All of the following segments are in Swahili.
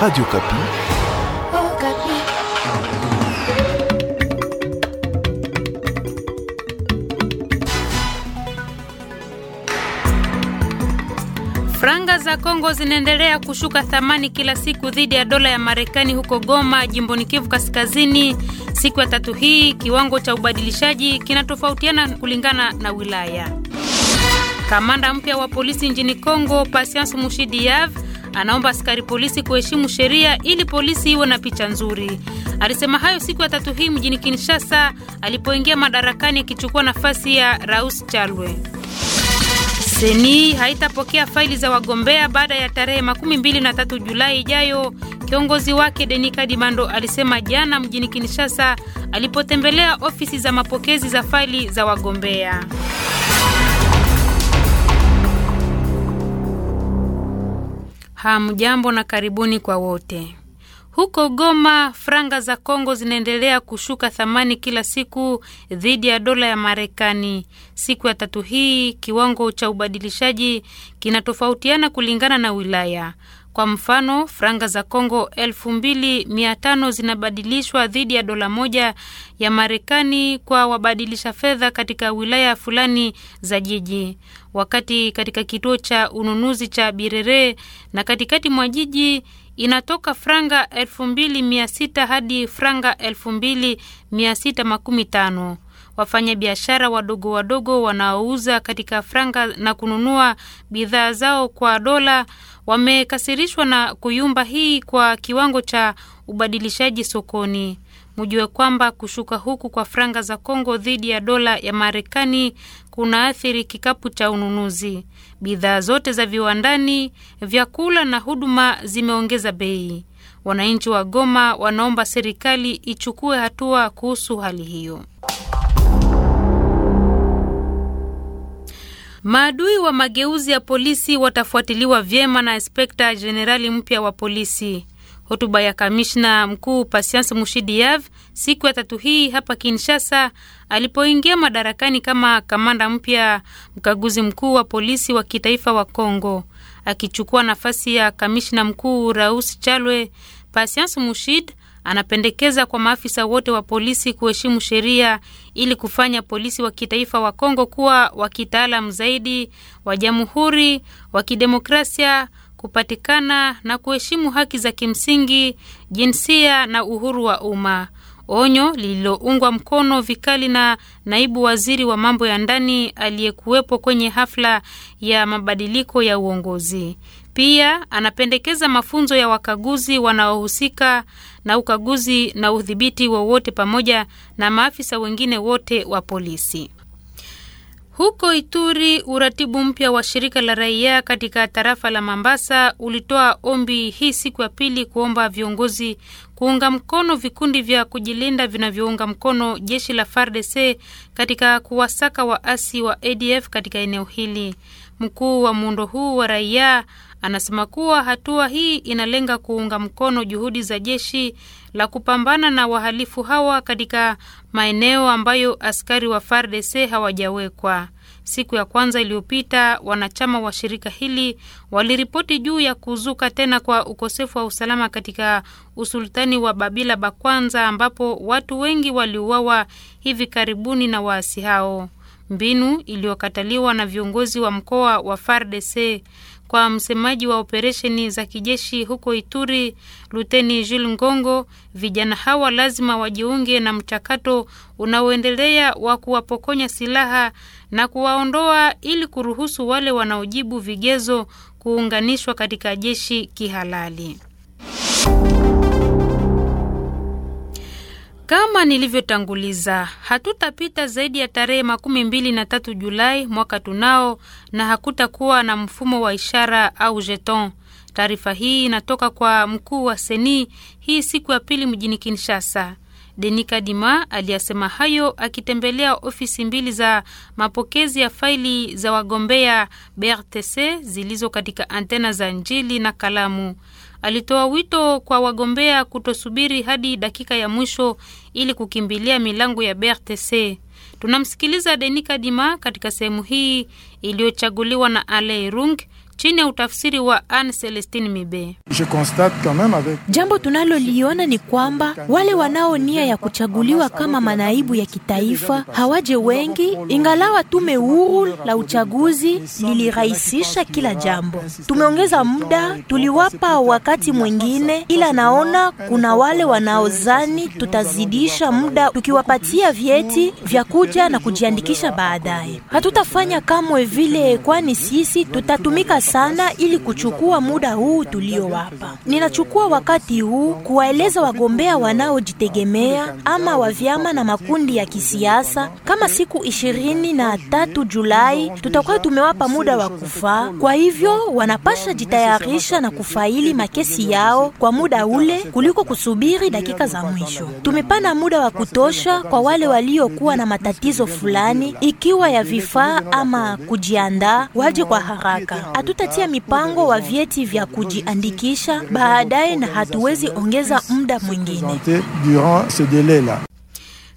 Radio Kapi. Oh, Kapi. Franga za Kongo zinaendelea kushuka thamani kila siku dhidi ya dola ya Marekani huko Goma, jimboni Kivu Kaskazini. Siku ya tatu hii kiwango cha ubadilishaji kinatofautiana kulingana na wilaya. Kamanda mpya wa polisi nchini Kongo, Patience Mushidiyav anaomba askari polisi kuheshimu sheria ili polisi iwe na picha nzuri. Alisema hayo siku ya tatu hii mjini Kinshasa alipoingia madarakani akichukua nafasi ya Raus Chalwe. Seni haitapokea faili za wagombea baada ya tarehe makumi mbili na tatu Julai ijayo. Kiongozi wake deni kadimando alisema jana mjini Kinshasa alipotembelea ofisi za mapokezi za faili za wagombea. Hamjambo na karibuni kwa wote. Huko Goma, franga za Kongo zinaendelea kushuka thamani kila siku dhidi ya dola ya Marekani. Siku ya tatu hii, kiwango cha ubadilishaji kinatofautiana kulingana na wilaya. Kwa mfano, franga za Kongo 2500 zinabadilishwa dhidi ya dola moja ya Marekani kwa wabadilisha fedha katika wilaya fulani za jiji, wakati katika kituo cha ununuzi cha Birere na katikati mwa jiji inatoka franga 2600 hadi franga 2615. Wafanyabiashara wadogo wadogo wanaouza katika franga na kununua bidhaa zao kwa dola wamekasirishwa na kuyumba hii kwa kiwango cha ubadilishaji sokoni. mujue kwamba kushuka huku kwa franga za Kongo dhidi ya dola ya Marekani kuna athiri kikapu cha ununuzi. Bidhaa zote za viwandani, vyakula na huduma zimeongeza bei. Wananchi wa Goma wanaomba serikali ichukue hatua kuhusu hali hiyo. Maadui wa mageuzi ya polisi watafuatiliwa vyema na inspekta jenerali mpya wa polisi. Hotuba ya kamishna mkuu Patience Mushidiav siku ya tatu hii hapa Kinshasa alipoingia madarakani kama kamanda mpya mkaguzi mkuu wa polisi wa kitaifa wa Kongo, akichukua nafasi ya kamishna mkuu Raus Chalwe. Patience Mushid Anapendekeza kwa maafisa wote wa polisi kuheshimu sheria ili kufanya polisi wa kitaifa wa Kongo kuwa wa kitaalamu zaidi, wa jamhuri, wa kidemokrasia, kupatikana na kuheshimu haki za kimsingi, jinsia na uhuru wa umma. Onyo lililoungwa mkono vikali na naibu waziri wa mambo ya ndani aliyekuwepo kwenye hafla ya mabadiliko ya uongozi. Pia anapendekeza mafunzo ya wakaguzi wanaohusika na ukaguzi na udhibiti wowote pamoja na maafisa wengine wote wa polisi. Huko Ituri, uratibu mpya wa shirika la raia katika tarafa la Mambasa ulitoa ombi hii siku ya pili kuomba viongozi kuunga mkono vikundi vya kujilinda vinavyounga mkono jeshi la FARDC katika kuwasaka waasi wa ADF katika eneo hili. Mkuu wa muundo huu wa raia Anasema kuwa hatua hii inalenga kuunga mkono juhudi za jeshi la kupambana na wahalifu hawa katika maeneo ambayo askari wa FARDC hawajawekwa. Siku ya kwanza iliyopita, wanachama wa shirika hili waliripoti juu ya kuzuka tena kwa ukosefu wa usalama katika usultani wa Babila Bakwanza ambapo watu wengi waliuawa hivi karibuni na waasi hao, mbinu iliyokataliwa na viongozi wa mkoa wa FARDC. Kwa msemaji wa operesheni za kijeshi huko Ituri, Luteni Jules Ngongo, vijana hawa lazima wajiunge na mchakato unaoendelea wa kuwapokonya silaha na kuwaondoa ili kuruhusu wale wanaojibu vigezo kuunganishwa katika jeshi kihalali. Kama nilivyotanguliza, hatutapita zaidi ya tarehe makumi mbili na tatu Julai mwaka tunao, na hakutakuwa na mfumo wa ishara au jeton. Taarifa hii inatoka kwa mkuu wa seni hii siku ya pili mjini Kinshasa. denis Kadima aliyasema hayo akitembelea ofisi mbili za mapokezi ya faili za wagombea BRTC zilizo katika antena za Njili na Kalamu alitoa wito kwa wagombea kutosubiri hadi dakika ya mwisho ili kukimbilia milango ya BRTC. Tunamsikiliza Denika Dima katika sehemu hii iliyochaguliwa na Ale Rung chini ya utafsiri wa Anne Celestine Mibe. Jambo tunaloliona ni kwamba wale wanao nia ya kuchaguliwa kama manaibu ya kitaifa hawaje wengi, ingalawa tume huru la uchaguzi lilirahisisha kila jambo. Tumeongeza muda, tuliwapa wakati mwingine, ila naona kuna wale wanaozani tutazidisha muda tukiwapatia vyeti vya kuja na kujiandikisha baadaye. Hatutafanya kamwe vile, kwani sisi tutatumika sana ili kuchukua muda huu tuliowapa. Ninachukua wakati huu kuwaeleza wagombea wanaojitegemea ama wa vyama na makundi ya kisiasa, kama siku ishirini na tatu Julai tutakuwa tumewapa muda wa kufaa. Kwa hivyo wanapasha jitayarisha na kufaili makesi yao kwa muda ule kuliko kusubiri dakika za mwisho. Tumepana muda wa kutosha kwa wale waliokuwa na matatizo fulani, ikiwa ya vifaa ama kujiandaa, waje kwa haraka. Atu hatutatia mipango wa vyeti vya kujiandikisha baadaye na hatuwezi ongeza muda mwingine.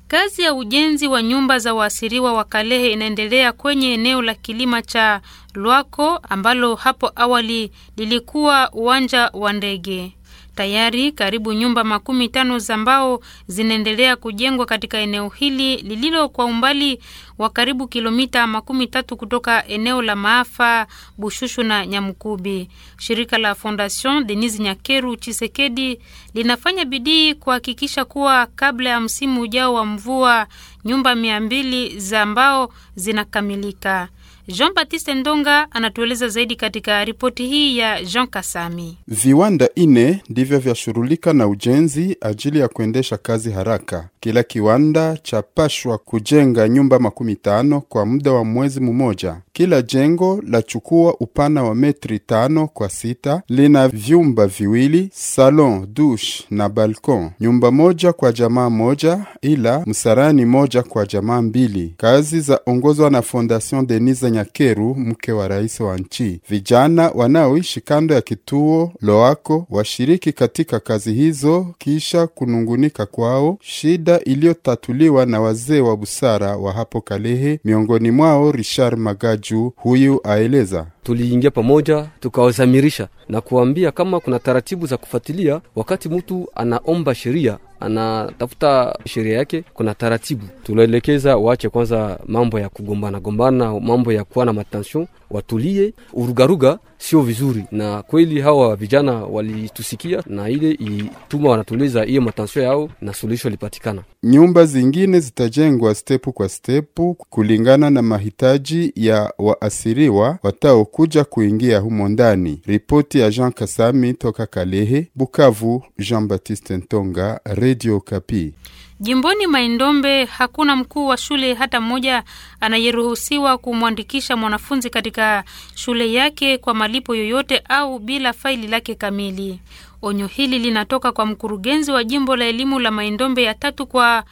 Kazi ya ujenzi wa nyumba za waasiriwa wa Kalehe inaendelea kwenye eneo la kilima cha Lwako ambalo hapo awali lilikuwa uwanja wa ndege. Tayari karibu nyumba makumi tano za mbao zinaendelea kujengwa katika eneo hili lililo kwa umbali wa karibu kilomita makumi tatu kutoka eneo la maafa Bushushu na Nyamukubi. Shirika la Fondation Denise Nyakeru Chisekedi linafanya bidii kuhakikisha kuwa kabla ya msimu ujao wa mvua nyumba mia mbili za mbao zinakamilika. Jean Baptiste Ndonga anatueleza zaidi katika ripoti hii ya Jean Kasami. Viwanda ine ndivyo vyashughulika na ujenzi ajili ya kuendesha kazi haraka. Kila kiwanda chapashwa kujenga nyumba makumi tano kwa muda wa mwezi mmoja. Kila jengo lachukua upana wa metri tano kwa sita, lina vyumba viwili, salon, douche na balkon, nyumba moja kwa jamaa moja, ila msarani moja kwa jamaa mbili. Kazi za ongozwa na Fondation Denise Nyakeru, mke wa rais wa nchi. Vijana wanaoishi kando ya kituo Loako washiriki katika kazi hizo kisha kunungunika kwao, shida iliyotatuliwa na wazee wa busara wa hapo Kalehe, miongoni mwao Richard Magaju. Huyu aeleza tuliingia pamoja tukawasamirisha na kuambia kama kuna taratibu za kufuatilia wakati mtu anaomba sheria anatafuta sheria yake, kuna taratibu tunaelekeza waache kwanza mambo ya kugombana gombana, mambo ya kuwa na matension watulie, urugaruga sio vizuri, na kweli hawa vijana walitusikia na ile ituma wanatuliza hiyo matansio yao na suluhisho lipatikana. Nyumba zingine zitajengwa stepu kwa stepu kulingana na mahitaji ya waasiriwa wataokuja kuingia humo ndani. Ripoti ya Jean Kasami toka Kalehe, Bukavu, Jean Baptiste Ntonga, Radio Kapi. Jimboni Maindombe hakuna mkuu wa shule hata mmoja anayeruhusiwa kumwandikisha mwanafunzi katika shule yake kwa malipo yoyote au bila faili lake kamili. Onyo hili linatoka kwa mkurugenzi wa jimbo la elimu la Maindombe ya tatu kwa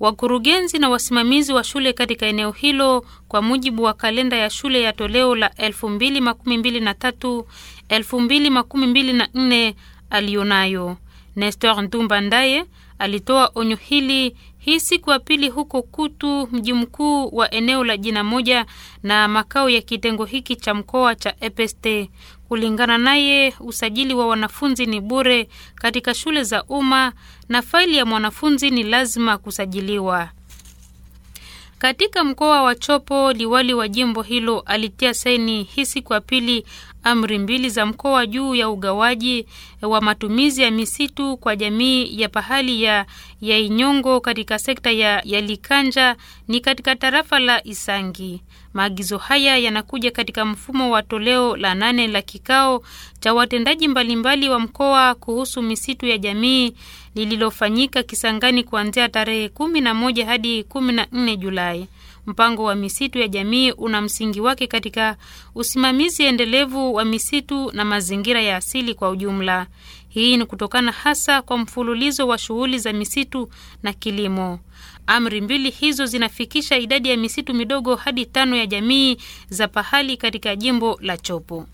wakurugenzi na wasimamizi wa shule katika eneo hilo kwa mujibu wa kalenda ya shule ya toleo la 2023 2024 aliyonayo Nestor Ntumba Ndaye Alitoa onyo hili hii siku ya pili huko Kutu, mji mkuu wa eneo la jina moja na makao ya kitengo hiki cha mkoa cha EPST. Kulingana naye, usajili wa wanafunzi ni bure katika shule za umma na faili ya mwanafunzi ni lazima kusajiliwa. Katika mkoa wa Chopo, liwali wa jimbo hilo alitia saini hii siku ya pili amri mbili za mkoa juu ya ugawaji wa matumizi ya misitu kwa jamii ya pahali ya, ya Inyongo katika sekta ya, ya Likanja ni katika tarafa la Isangi. Maagizo haya yanakuja katika mfumo wa toleo la nane la kikao cha watendaji mbalimbali wa mkoa kuhusu misitu ya jamii lililofanyika Kisangani kuanzia tarehe kumi na moja hadi kumi na nne Julai. Mpango wa misitu ya jamii una msingi wake katika usimamizi endelevu wa misitu na mazingira ya asili kwa ujumla. Hii ni kutokana hasa kwa mfululizo wa shughuli za misitu na kilimo. Amri mbili hizo zinafikisha idadi ya misitu midogo hadi tano ya jamii za pahali katika jimbo la Chopo.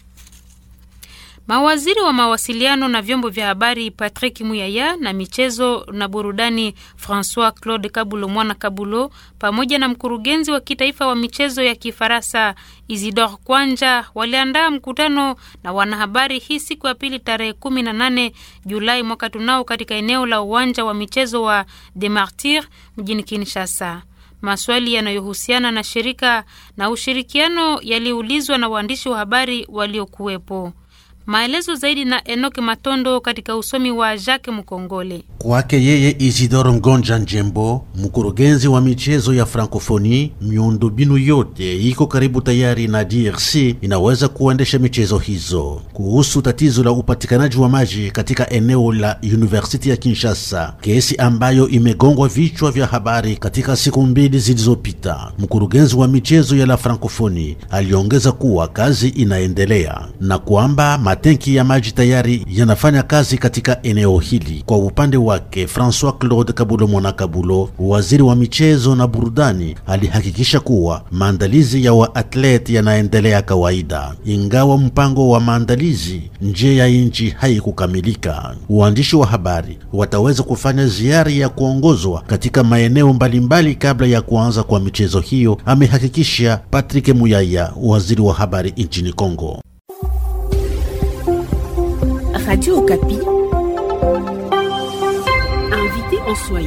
Mawaziri wa mawasiliano na vyombo vya habari Patrick Muyaya na michezo na burudani Francois Claude Kabulo Mwana Kabulo pamoja na mkurugenzi wa kitaifa wa michezo ya Kifaransa isidor Kwanja waliandaa mkutano na wanahabari hii siku ya pili tarehe 18 Julai mwaka tunao katika eneo la uwanja wa michezo wa De Martir mjini Kinshasa. Maswali yanayohusiana na shirika na ushirikiano yaliulizwa na waandishi wa habari waliokuwepo. Maelezo zaidi na Enoke Matondo katika usomi wa Jacques Mukongole. Kwake yeye Isidoro Ngonja Njembo, mkurugenzi wa michezo ya miundu miundombinu yote iko karibu tayari na DRC inaweza kuendesha michezo hizo. Kuhusu tatizo la upatikanaji wa maji katika eneo la University ya Kinshasa, kesi ambayo imegongwa vichwa vya habari katika siku mbili zilizopita, mkurugenzi wa michezo ya la Francophonie aliongeza kuwa kazi inaendelea na kwamba matenki ya maji tayari yanafanya kazi katika eneo hili. Kwa upande wake, Francois Claude Kabulo Mwana Kabulo, waziri wa michezo na burudani, alihakikisha kuwa maandalizi ya waatleti yanaendelea kawaida, ingawa mpango wa maandalizi nje ya nchi haikukamilika. Waandishi wa habari wataweza kufanya ziara ya kuongozwa katika maeneo mbalimbali kabla ya kuanza kwa michezo hiyo, amehakikisha Patrick Muyaya, waziri wa habari nchini Kongo. Radio Okapi, invité en soi.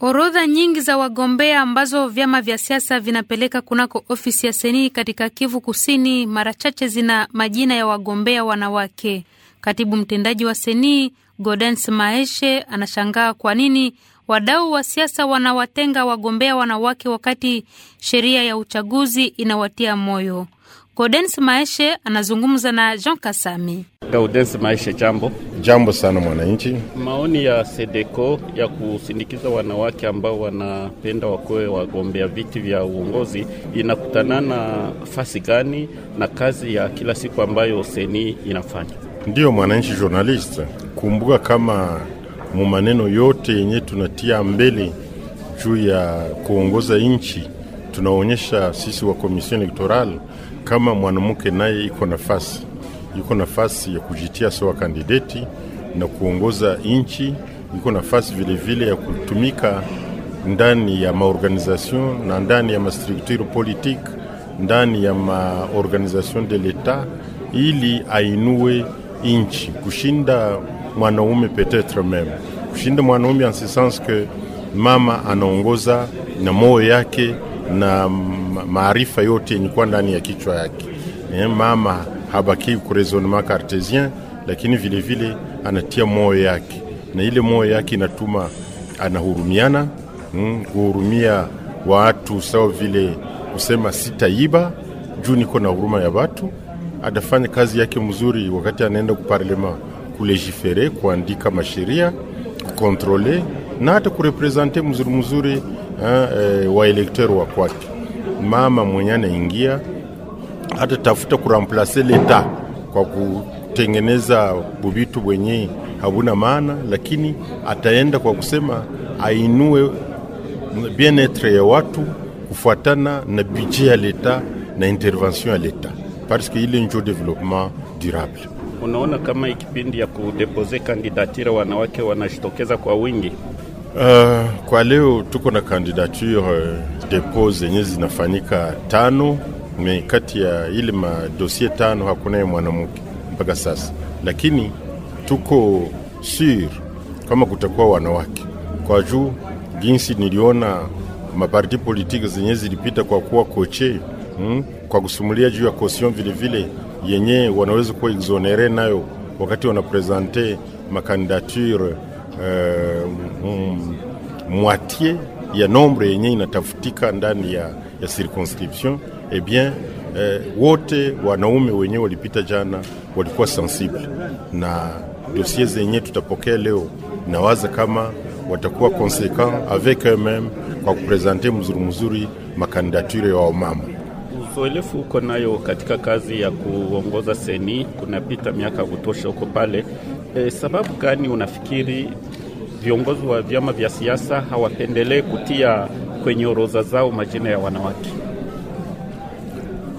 Orodha nyingi za wagombea ambazo vyama vya siasa vinapeleka kunako ofisi ya Senii katika Kivu Kusini mara chache zina majina ya wagombea wanawake. Katibu mtendaji wa seni Godens Maeshe anashangaa kwa nini wadau wa siasa wanawatenga wagombea wanawake wakati sheria ya uchaguzi inawatia moyo. Kodens Maeshe anazungumza na Jean Kasami. Gaudens Maeshe, jambo. Jambo sana mwananchi. Maoni ya Sedeko ya kusindikiza wanawake ambao wanapenda wakuwe wagombea viti vya uongozi inakutana na fasi gani na kazi ya kila siku ambayo seni inafanya? Ndiyo mwananchi journalist, kumbuka kama mu maneno yote yenye tunatia mbele juu ya kuongoza nchi tunaonyesha sisi wa komisioni elektorali kama mwanamke naye iko nafasi iko nafasi ya kujitia sawa kandideti na kuongoza nchi, iko nafasi vilevile ya kutumika ndani ya maorganisation na ndani ya mastrukture politique, ndani ya maorganisation de l'etat, ili ainue nchi kushinda mwanaume petetre meme, kushinda mwanaume en ce sens que mama anaongoza na moyo yake na maarifa yote yenye ndani ya kichwa yake. Eh, mama habaki kuresonema cartesien, lakini vilevile vile, anatia moyo yake, na ile moyo yake inatuma anahurumiana, mm, kuhurumia watu sawa vile kusema sitaiba juu niko na huruma ya watu. Atafanya kazi yake mzuri wakati anaenda kuparlema kulegifere kuandika masheria, kukontrole na hata kurepresente mzuri mzuri e, waelekteri wa kwake. Mama mwenye anaingia tafuta kuramplase leta kwa kutengeneza bubitu bwenye habuna maana, lakini ataenda kwa kusema ainue bienetre ya watu kufuatana na budget ya leta na intervention ya leta parce que ile njo development durable. Unaona kama ikipindi ya kudepose kandidatira wanawake wanashitokeza kwa wingi Uh, kwa leo tuko na kandidature uh, depo zenye zinafanyika tano, me kati ya ile madosie tano hakunaye mwanamke mpaka sasa, lakini tuko sur kama kutakuwa wanawake kwa juu jinsi niliona maparti politiki zenye zilipita kwa kuwa koche mm, kwa kusumulia juu ya kosion vilevile yenye wanaweza kuwa exonere nayo wakati wanaprezante makandidature Euh, moitié ya nombre yenye inatafutika ndani ya, ya circonscription eh bien euh, wote wanaume wenye walipita jana walikuwa sensible na dosie zenye tutapokea leo, nawaza kama watakuwa conséquent avec eux-mêmes kwa kupresente mzuri mzuri makandidature ya wamama. Uzoelefu huko nayo katika kazi ya kuongoza seni kunapita miaka ya kutosha huko pale E, sababu gani unafikiri viongozi wa vyama vya siasa hawapendelee kutia kwenye orodha zao majina ya wanawake?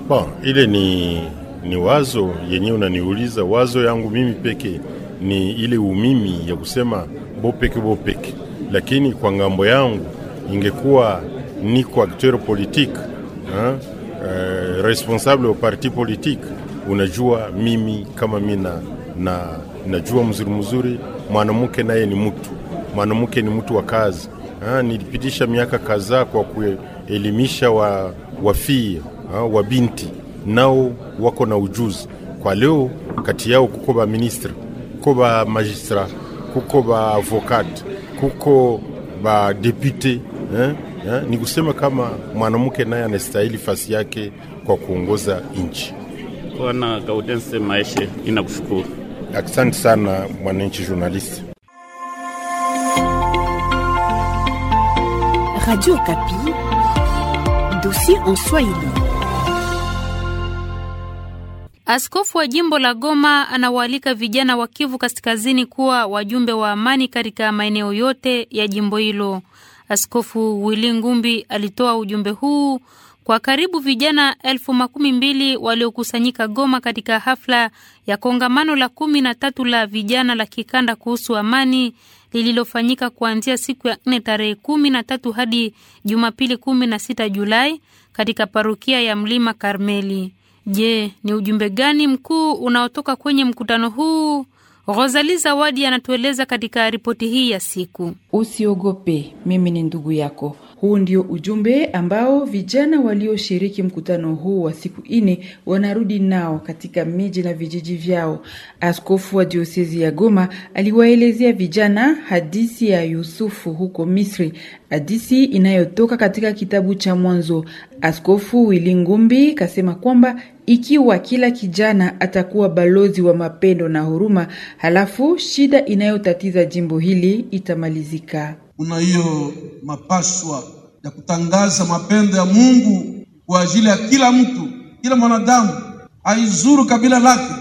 Bon, ile ni, ni wazo yenyewe unaniuliza. Wazo yangu mimi peke ni ile umimi ya kusema bopeke bopeke, lakini kwa ngambo yangu ingekuwa niko akteur politique ha? Uh, eh, responsable wa parti politique. Unajua mimi kama mina na najua mzuri mzuri, mwanamke naye ni mtu, mwanamke ni mtu wa kazi. nilipitisha miaka kadhaa kwa kuelimisha wa, wafia wa wabinti nao wako na ujuzi kwa leo, kati yao kuko ba ministre, kuko ba magistra, kuko ba avokat, kuko ba depute eh? Eh? Ni kusema kama mwanamke naye anastahili fasi yake kwa kuongoza nchi. Bwana Gaudense Maeshe, inakushukuru. Asante sana Mwananchi Journalist. Radio Kapi, dossier en Swahili. Askofu wa jimbo la Goma anawaalika vijana wa Kivu Kaskazini kuwa wajumbe wa amani katika maeneo yote ya jimbo hilo. Askofu Wili Ngumbi alitoa ujumbe huu kwa karibu vijana elfu makumi mbili waliokusanyika Goma katika hafla ya kongamano la kumi na tatu la vijana la kikanda kuhusu amani lililofanyika kuanzia siku ya nne tarehe kumi na tatu hadi Jumapili kumi na sita Julai katika parokia ya Mlima Karmeli. Je, ni ujumbe gani mkuu unaotoka kwenye mkutano huu? rosali Zawadi anatueleza katika ripoti hii ya siku. Usiogope, mimi ni ndugu yako huu ndio ujumbe ambao vijana walioshiriki mkutano huu wa siku nne wanarudi nao katika miji na vijiji vyao. Askofu wa diosezi ya Goma aliwaelezea vijana hadithi ya Yusufu huko Misri Hadisi inayotoka katika kitabu cha Mwanzo. Askofu wili Ngumbi kasema kwamba ikiwa kila kijana atakuwa balozi wa mapendo na huruma, halafu shida inayotatiza jimbo hili itamalizika. Kuna hiyo mapaswa ya kutangaza mapendo ya Mungu kwa ajili ya kila mtu, kila mwanadamu aizuru kabila lake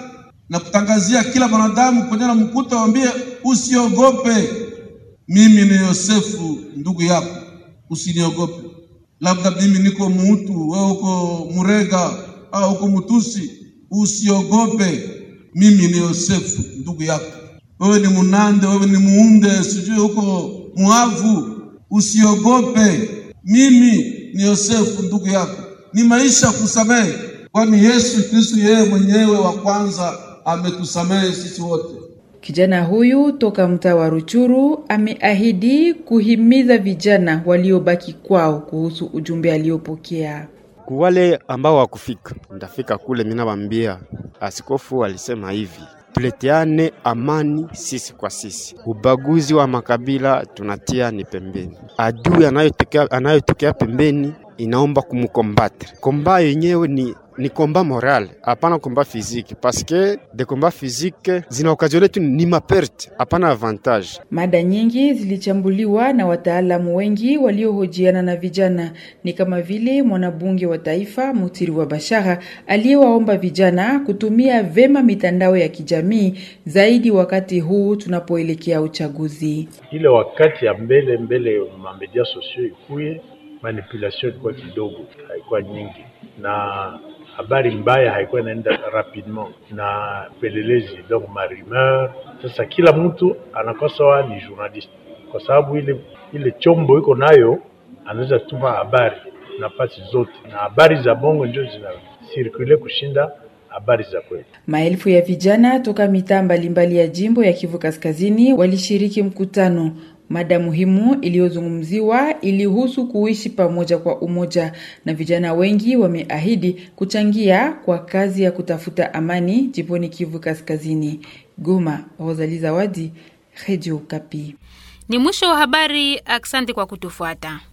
na kutangazia kila mwanadamu kwenye na mkuta, waambie usiogope mimi ni Yosefu ndugu yako, usiniogope. Labda mimi niko Muhutu, wewe uko Murega au uko Mutusi, usiogope. Mimi ni Yosefu ndugu yako. Wewe ni Munande, wewe ni Muunde, sijui uko Muavu, usiogope. Mimi ni Yosefu ndugu yako. Ni maisha kusamehe, kwani Yesu Kristo yeye mwenyewe wa kwanza ametusamehe sisi wote. Kijana huyu toka mtaa wa Ruchuru ameahidi kuhimiza vijana waliobaki kwao kuhusu ujumbe aliopokea. Kuwale ambao wakufika, ndafika kule, minawambia askofu alisema hivi tuleteane amani sisi kwa sisi, ubaguzi wa makabila tunatia ni pembeni. Adui anayotokea anayotokea pembeni inaomba kumkombate. komba yenyewe ni ni combat moral, hapana komba fiziki, paske de komba fiziki zinaokazione tu ni maperte, hapana avantage. Mada nyingi zilichambuliwa na wataalamu wengi waliohojiana na vijana, ni kama vile mwanabunge wa taifa Mutiri wa Bashara aliyewaomba vijana kutumia vema mitandao ya kijamii zaidi wakati huu tunapoelekea uchaguzi. Ile wakati ya mbele mbele mamedia sosio ikuye, manipulation ilikuwa kidogo, haikuwa nyingi na habari mbaya haikuwa inaenda rapidement na pelelezi, donc marimeur. Sasa kila mtu anakosoa ni journalist, kwa sababu ile ile chombo iko nayo, anaweza tuma habari nafasi zote, na habari za bongo ndio zinasirkule kushinda habari za kweli. Maelfu ya vijana toka mitaa mbalimbali ya jimbo ya Kivu Kaskazini walishiriki mkutano Mada muhimu iliyozungumziwa ilihusu kuishi pamoja kwa umoja, na vijana wengi wameahidi kuchangia kwa kazi ya kutafuta amani jimboni Kivu Kaskazini. Goma, Rosali Zawadi, Redio Kapi. Ni mwisho wa habari. Asante kwa kutufuata.